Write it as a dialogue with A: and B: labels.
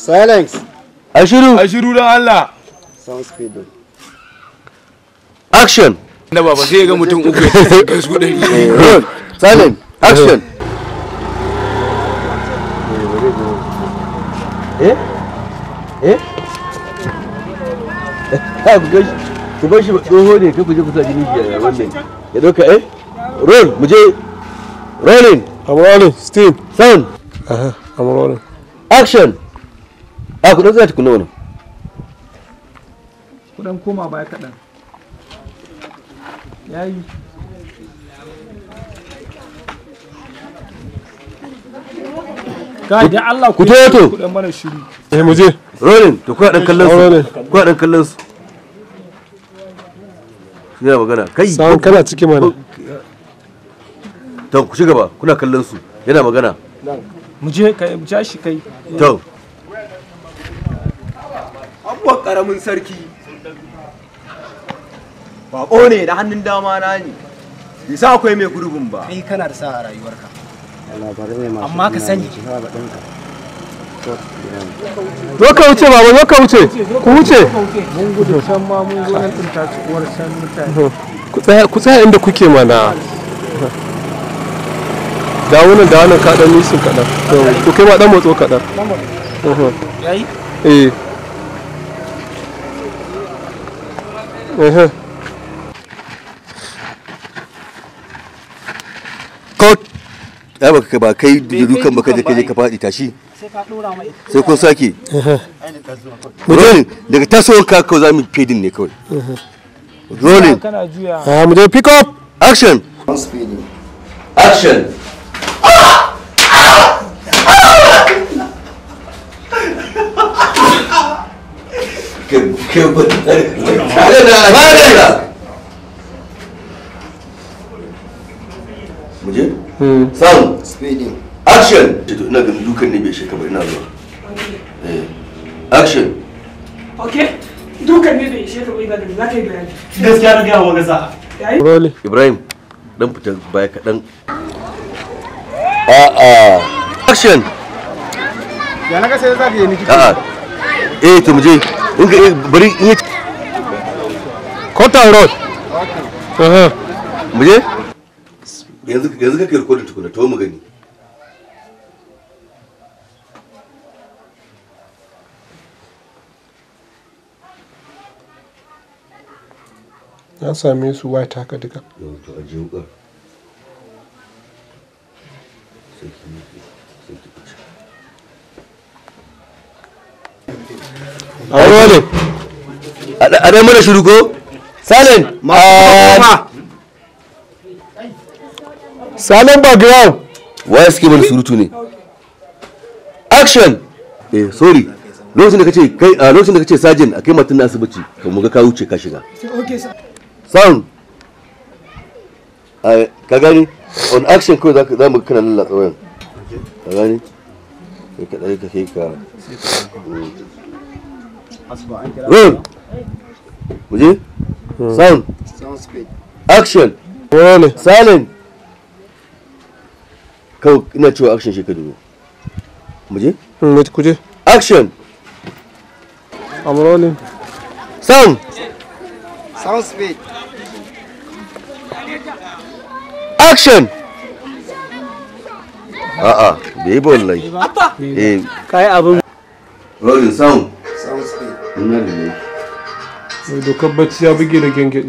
A: Silence. A shiru. A shiru don Allah. Sound speed. Action. Na baba sai ga mutum uku ya su ɗari. Silence. Action. Eh? Eh? Ha, ku bar shi tsoho ne kai ku je ku sa jini biya wannan. Ya doka eh? Roll, mu je. Rolling. I'm rolling. Steam. Sound. Aha, uh-huh, I'm rolling. Action. a kudin zai tukuna wani kudin koma baya kaɗan yayi kai da Allah ku to ku mana shiru eh mu je rolin to ku dan kallon su ku dan kallon su yana magana kai san kana ciki mana to ku ci gaba kuna kallon su yana magana mu je kai mu ja shi kai to babban karamin sarki ba ne da hannun dama na ne bisa akwai mai gurbin ba kai kana da sa a rayuwarka amma ka sani
B: zo ka wuce baba zo ka wuce ku wuce
A: mun gudu san ma mun zo nan tsinta san mutane ku tsaya inda kuke mana da wannan da wannan ka dan nisin kadan ku kai ma dan motso kadan yayi eh kot ya ka ba kai da dukan baka da kai ka faɗi tashi sai kun sake rolling daga tasowar ka kawai za mu fedin ne kawai rolling ah, mu je pick up action action ke na muje hmm. sam speeding action to ina ga dukan ne bai sheka ina zuwa eh action okay dukan ne bai sheka ina ga za bayani gaskiya na ga wa gaza role ibrahim dan fita ka dan. a a action ya na ga sai za ka yi niki a eh to muje bari in yi road yanzu yanzu kake rikodin tukuna to mu gani na same su white haka duka to a sai ki sai ki a wani a dai mana shiru ko silent ah. silent background waya suke mana surutu ne action eh sorry lokacin da kace kai a ah, lokacin da kace sergeant akai matan na asibiti ga ka wuce ka shiga sound ah, ka gani on action kawai za mu kana lallatsa wayan ka gani sai ka ɗaya ka sai ka roll kuje hmm. sound action wani silent kawai ina cewa action shi ka dubo hmm, muje kuje action I'm rolling. Sound. Sound speed. Action. A'a, bai yi wallahi. Eh, kai abin. Rolling sound. Ina da ne. Dokar bacci ya buge da